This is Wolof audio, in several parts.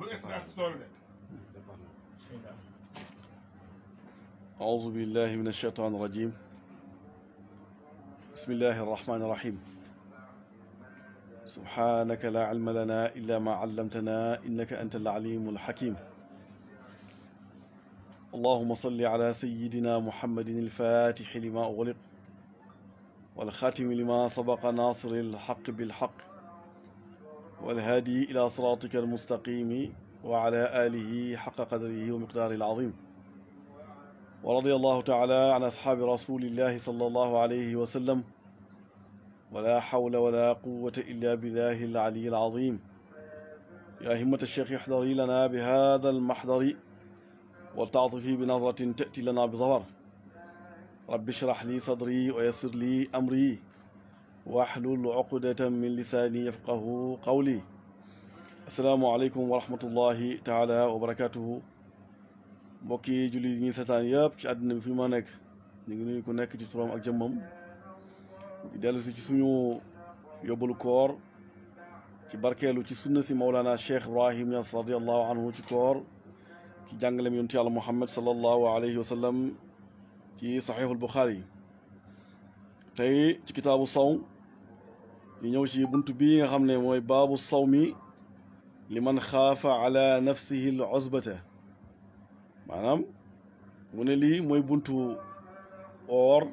bu esnası doğru dedi. أعوذ بالله من الشيطان الرجيم بسم الله الرحمن الرحيم سبحانك لا علم لنا إلا ما علمتنا إنك أنت العليم الحكيم اللهم صل على سيدنا محمد الفاتح لما أغلق والخاتم لما سبق ناصر الحق بالحق والهادي إلى صراطك المستقيم وعلى آله حق قدره ومقداره العظيم ورضي الله تعالى عن أصحاب رسول الله صلى الله عليه وسلم ولا حول ولا قوة إلا بالله العلي العظيم يا همة الشيخ احضري لنا بهذا المحضر وتعطفي بنظرة تأتي لنا بظفر رب اشرح لي صدري ويسر لي أمري waxlul uqdatan min lisaani yafqahu qawli asalaamualeykum wa rahmatullahi taala wa barakatuhu mbokki julli yi ñuy seetaan yëpp ci àddina bi fi ma nekk ñu ngi nuyu ku nekk ci turam ak jëmmam di dellu si ci suñu yóbbalu koor ci barkeelu ci sunna si Mawlana Cheikh Ibrahim Niass radiallahu anhu ci koor ci jàngalem yontu yàlla Muhammad sallallahu alayhi wa sallam ci saxiixul Buxaari tey ci kitaabu sawm ñu ñëw ci bunt bii nga xam ne mooy baabu sawmi li man xaafa ala nafsihi l osbata maanaam mu ne lii mooy buntu oor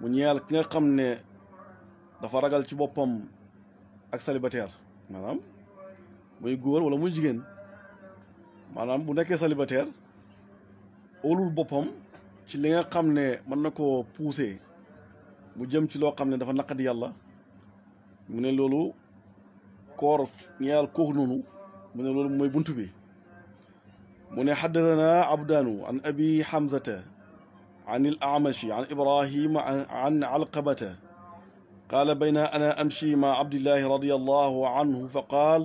mu ñeel ki nga xam ne dafa ragal ci boppam ak célibataire maanaam muy góor wala muy jigéen maanaam bu nekkee célibataire óolul boppam ci li nga xam ne mën na koo pousser mu jëm ci loo xam ne dafa naqadi yàlla mu ne loolu koor ñaal kooku noonu mu ne loolu mooy bunt bi mu ne xaddathana abdaanu an abi hamzata an il amashi an ibrahima an alqabata qaala bayna ana amshi ma abdillahi radiyallahu anhu fa qaal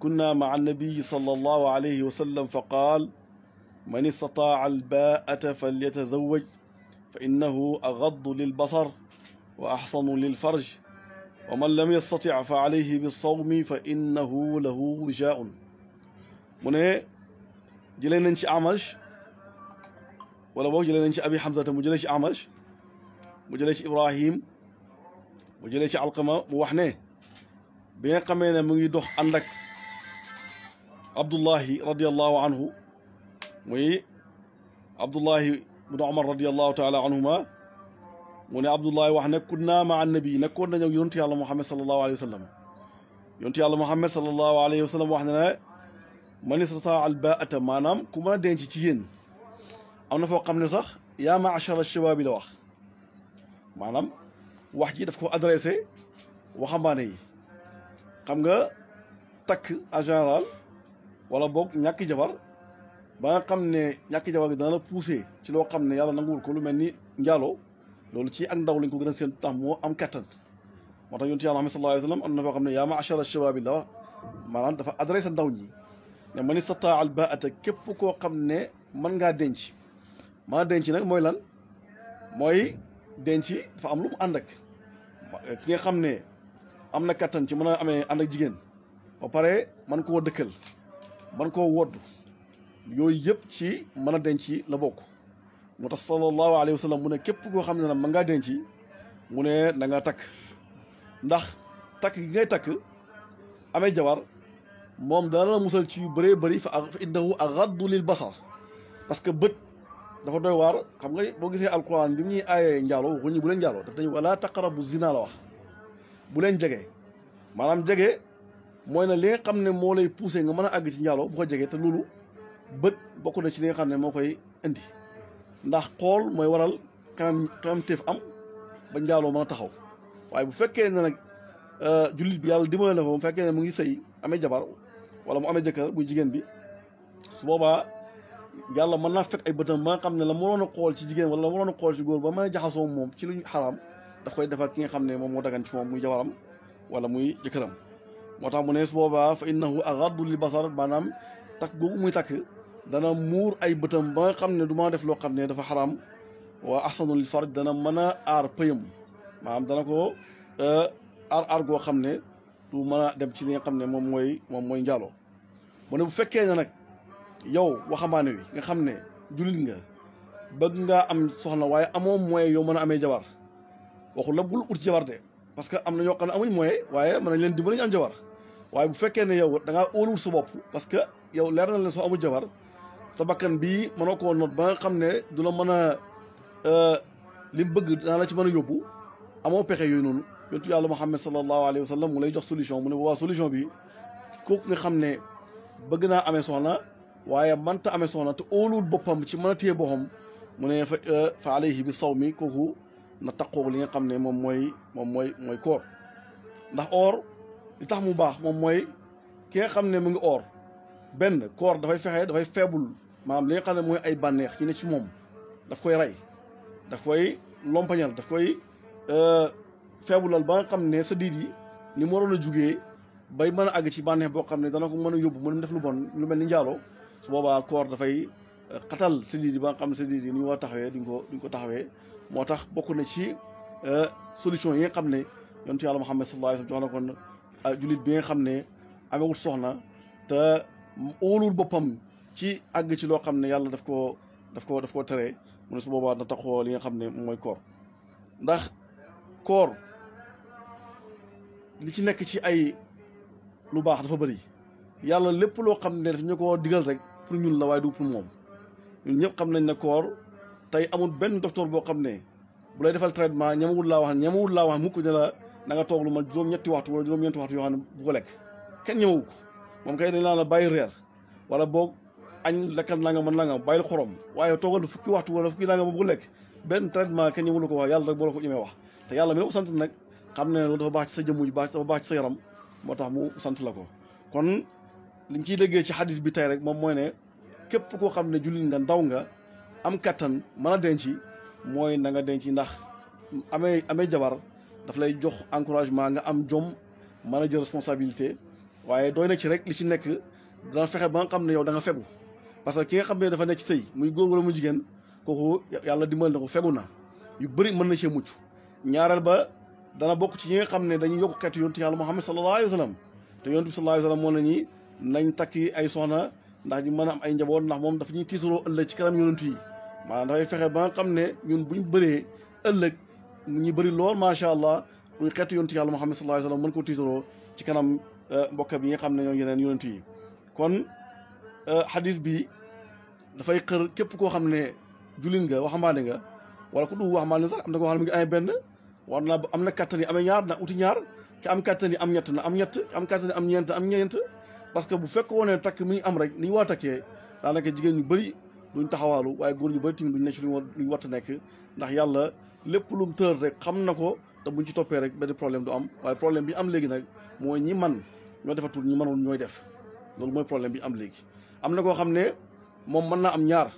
kunna ma annabiyi sallallahu alayhi wa sallam fa qaal man istataaca albaata falyatazawaj fa innahu agaddu lilbasar wa axsanu lilfarj wa man lam yastatic fa alayhi bi sawmi fa innahu lahu wijaaun mu ne jëlee nañ ci Amash wala boog jëlee nañ ci abi Hamza mu jëlee ci Amash mu jëlee ci Ibrahim mu jëlee ci Alqama mu wax ne bi nga xamee ne mu ngi dox ànd ak Abdullahi radiyallahu anhu muy Abdullahi bnu Omar radiyallahu taala anhuma mu ne Abdullahi wax ne kunna ma annabi nekkoon nañu ak yonentu yàlla Muhammad sallallahu alayhi wa sallam yonentu yàlla Muhammad sallallahu alayhi wa sallam wax ne ne man istataa al baata maanaam ku mën a denc ci yéen am na foo xam ne sax yaa maachara shabaab yi la wax maanaam wax ji daf ko adressé waxambaane yi xam nga takk en général wala boog ñàkki jabar ba nga xam ne ñàkki jabar gi dana la poussé ci loo xam ne yàlla nanguwul ko lu mel ni njaalo loolu ci ak ndaw lañ ko gën a seen tax moo am kattan moo tax yonent Yàlla Muhammad sallallahu alayhi wa sallam am na foo xam ne yaa a shabaab la wax maanaam dafa sa ndaw ñi ne sa istataa al baata képp koo xam ne man ngaa denc maa denc nag mooy lan mooy denc dafa am lu mu ànd ak ki nga xam ne am na kattan ci mën a amee ànd jigéen ba pare man koo dëkkal man koo wodd yooyu yëpp ci mën a denc la bokk moo tax sallallahu alayhi wa sallam mu ne képp koo xam ne na ma ngaa denc mu ne na takk ndax takk gi ngay takk amee jabar moom dana la musal ci yu bëree bëri fa innahu aghaddu lil basar parce que bët dafa doy waar xam nga boo gisee alkuwaan bi mu ñuy aayee njaalo waxuñu bu leen njaalo daf dañu wala taqarabu zina la wax bu leen jege maanaam jege mooy na li nga xam ne moo lay poussé nga mën a àgg ci njaalo bu ko jegee te loolu bët bokk na ci li nga xam ne moo koy indi ndax xool mooy waral kanam kanam teef am ba njaaloo mën a taxaw waaye bu fekkee ne nag euh, jullit bi yàlla dimbale na ko bu fekkee ne mu ngi sëy amee jabar wala mu amee jëkkër bu jigéen bi su boobaa yàlla mën naa fekk ay bëtam ba xam ne la mu waroon xool ci jigéen wala la a xool ci góor ba mën a jaxasoo moom ci luñ xaraam daf koy defal ki nga xam ne moom moo dagan ci moom muy jabaram wala muy jëkkëram moo tax mu ne su boobaa fa innahu aghaddu lil basar maanaam takk googu muy takk dana muur ay bëtam ba xam ne du ma def loo xam ne dafa xaram waa ahsanul farj dana mën a aar pëyam maam dana ko eh, aar aar goo xam ne du mën dem ci li nga xam ne moom mooy moom mooy njaaloo mu ne bu fekkee ne nag yow waxambaane wi nga xam ne jullit nga bëgg ngaa am soxna waaye amoo moyen yow mën a amee jabar waxul la bul ut jabar de parce que am na ñoo xam ne amuñ moyen waaye mën nañ leen dimbali ñu am jabar waaye bu fekkee ne yow da ngaa óoluwul sa bopp parce que yow leer na leen soo amul jabar sa bakkan bii mënoo ko noot ba nga xam ne du la mën a euh, li mu bëgg dinaa la ci mën a yóbbu amoo pexe yooyu noonu yontu yàlla Muhammad sallallahu alayhi wa sallam mu lay jox solution mu ne waa solution bi kooku nga xam ne bëgg naa amee soxna waaye mënta amee soxna te óoluwul boppam ci mën a téye boppam mu ne fa euh, fa alayhi bi saw mi kooku na taqoo li nga xam ne moom mooy moom mooy mooy koor ndax or li tax mu baax moom mooy ki nga xam ne mu ngi or benn koor dafay fexe dafay feebul maanaam li nga xam ne mooy ay bànneex ci ne ci moom daf koy rey daf koy lompañal daf koy euh, feebulal ba nga xam ne sa diit yi ni mu waroon a jugee bay man a àgg ci bànneex boo xam ne dana ko mën a yóbbu mën a def lu bon lu mel ni njaaloo su boobaa koor dafay euh, xatal sa diit ba nga xam ne sa diit yi ni ñu war a taxawee duñ ko duñ ko taxawee moo tax bokk na ci euh, solution yi nga xam ne yontu yàlla Muhammad sallallahu alayhi wa sallam jox na kon jullit bi nga xam ne amewut soxna óolul boppam ci àgg ci loo xam ne yàlla def koo daf koo daf koo tere mu ne su boobaa na taxoo li nga xam ne mooy koor ndax koor li ci nekk ci ay lu baax dafa bëri yàlla lépp loo xam ne daf ñu ko digal rek pour ñun la waay du pour moom ñun ñëpp xam nañ ne koor tey amul benn docteur boo xam ne bu lay defal traitement ñemewul laa wax ñemewul laa wax mukk ne la na nga toog lu ma juróom-ñetti waxtu wala juróom-ñeenti waxtu yoo xam ne bu ko lekk kenn ñemewu ko moom kay dañ naan la bàyyi reer wala boog añ lekkal nangam ak nangam bàyyil xorom waaye toogal fukki waxtu wala fukki nanga bu ko lekk benn traitement kenn ñëwul ko wax yàlla rek boo la ko ñemee wax te yàlla mi la ko sant nag xam ne loolu dafa baax ci sa jëmm ji baax dafa baax ci sa yaram moo tax mu sant la ko kon liñ ciy déggee ci xadis bi tey rek moom mooy ne képp koo xam ne jullit nga ndaw nga am kattan mën a denc mooy na nga denc ndax amee amee jabar daf lay jox encouragement nga am jom mën a jël responsabilité waaye dooy na ci rek li ci nekk dana fexe ba nga xam ne yow da fegu parce que ki nga xam ne dafa nekk ci sëy muy góor wala mu jigéen kooku yàlla dimbal na ko fegu na yu bëri mën na cee mucc ñaareel ba dana bokk ci ñi nga xam ne dañuy yokk xeetu yontu yàlla Muhammad sallallahu alayhi wa sallam te yontu bi sallallahu alayhi wa sallam moo nañi nañ takki ay soxna ndax ñu mën a am ay njaboot ndax moom dafa ñuy tiitaroo ëllëg ci kanam yonent yi maanaam dafay fexe ba nga xam ne ñun buñ bëree ëllëg ñu bëri lool macha allah muy xeetu yontu yàlla Muhammad sallallahu alayhi wa sallam mën ko tiitaroo ci kanam Euh, mbokka bi nga xam ne ñoo yeneen yonent yi kon euh, xadis bi dafay xër képp koo xam ne jullit nga waxambaane nga wala ku du waxambaane sax am na koo xam ne mu amee benn war na am na kattan yi amee ñaar na uti ñaar ki am kattan yi am ñett na am ñett am kattan am ñeent am ñeent parce que bu fekk woonee takk mi am rek ni ñu war a takkee daanaka jigéen ñu bëri duñ taxawaalu waaye góor ñu bëri tamit duñ nekk ci luñ luñ war a nekk ndax yàlla lépp lum tër rek xam na ko te buñ ci toppee rek benn problème du am waaye problème bi am léegi nag mooy ñi man ñoo defatul ñu mënul ñooy def loolu mooy problème bi am léegi. am na koo xam ne moom mën naa am ñaar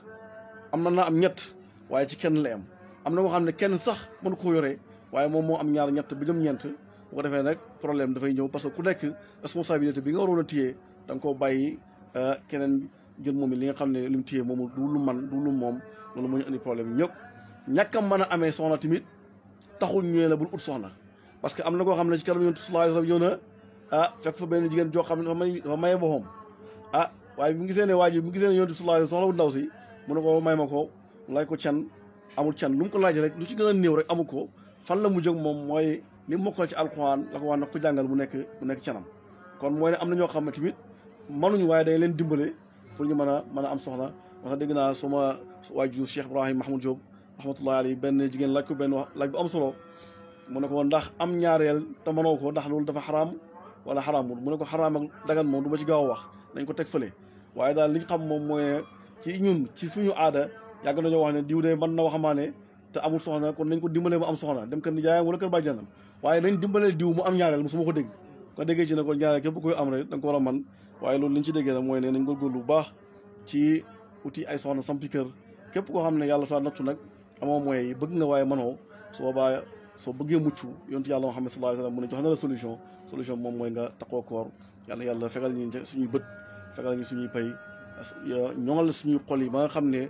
am na naa am ñett waaye ci kenn lay am am na koo xam ne kenn sax mënu koo yore waaye moom moo am ñaar ñett ba jëm ñeent bu ko defee nag problème dafay ñëw parce que ku nekk responsabilité bi nga waroon a téye da nga bàyyi euh, keneen jël moom li nga xam ne li mu téye moom du lu man du lu moom loolu moo ñu indi problème ñëpp ñàkk a mën a amee soxna tamit taxul ñu la bul ut soxna parce que am na koo xam ne ci kanam yonent sallallahu ah fekk fa benn jigéen joo xam ne dafa may maye boppam a ah, waaye mu ngi ne waa ji mu ngi seene yonent bi sallallahu alayhi wasallam soxlawul ndaw si mu ne ko may ma ko laaj ko can amul can lu mu ko laaj rek lu ci gën a néew rek amul ko fan la mu jóg moom mooy li mokkal ci alquran la ko wax na ko nekk mu nekk canam kon mooy ne am na ñoo xam ne tamit mënuñu waaye dañ leen dimbale pour ñu mën a mën a am soxna wax dëgg naa sama waajur Cheikh Ibrahim Mahmoud Diop rahmatullahi alayhi benn jigéen laaj ko benn wax laaj bu am solo mu ne ko ndax am ñaareel te mënoo ko ndax loolu dafa xaraam wala xaraam mu ne ko xaraam ak dagan moom du ci gaaw a wax nañ ko teg fële waaye daal liñ xam moom mooy ci ñun ci suñu aada yàgg nañoo wax ne diw de man na waxamaane te amul soxna kon nañ ko dimbalee mu am soxna dem kër nijaayam wala kër bàjjanam waaye nañ dimbalee diw mu am ñaareel mu su ko dégg ko déggee ci ne ko ñaareel képp koy am rek da ko war a man waaye loolu liñ ci déggee nag mooy ne nañ góorgóorlu bu baax ci uti ay soxna sampi kër képp koo xam ne yàlla saa nattu nag amoo moyens yi bëgg nga waaye manoo su boobaa soo bëggee mucc yontu yàlla Muhammad sallallahu alayhi wa sallam mu ne jox na la solution solution moom mooy nga taqoo koor yàlla yàlla fegal ñu suñuy bët fegal ñu suñuy pay ñoŋal suñuy xol yi ba nga xam ne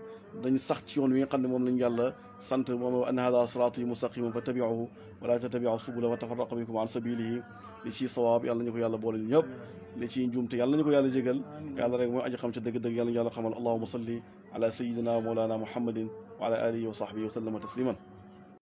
dañ sax ci yoon wi nga xam ne moom lañ yàlla sant moom anna hada siraati mustaqiman fa tabi'uhu wala tatabi'u subula wa tafarraqa bikum an sabilihi li ci sawaab yàlla ñu ko yàlla boole ñu ñëpp li ci njuumte yàlla ñu ko yàlla jégal yàlla rek mooy aji xam ca dëgg-dëgg yàlla ñu yàlla xamal allahuma salli ala sayidina mawlana muhammadin wa ala alihi wa sahbihi wa sallama tasliman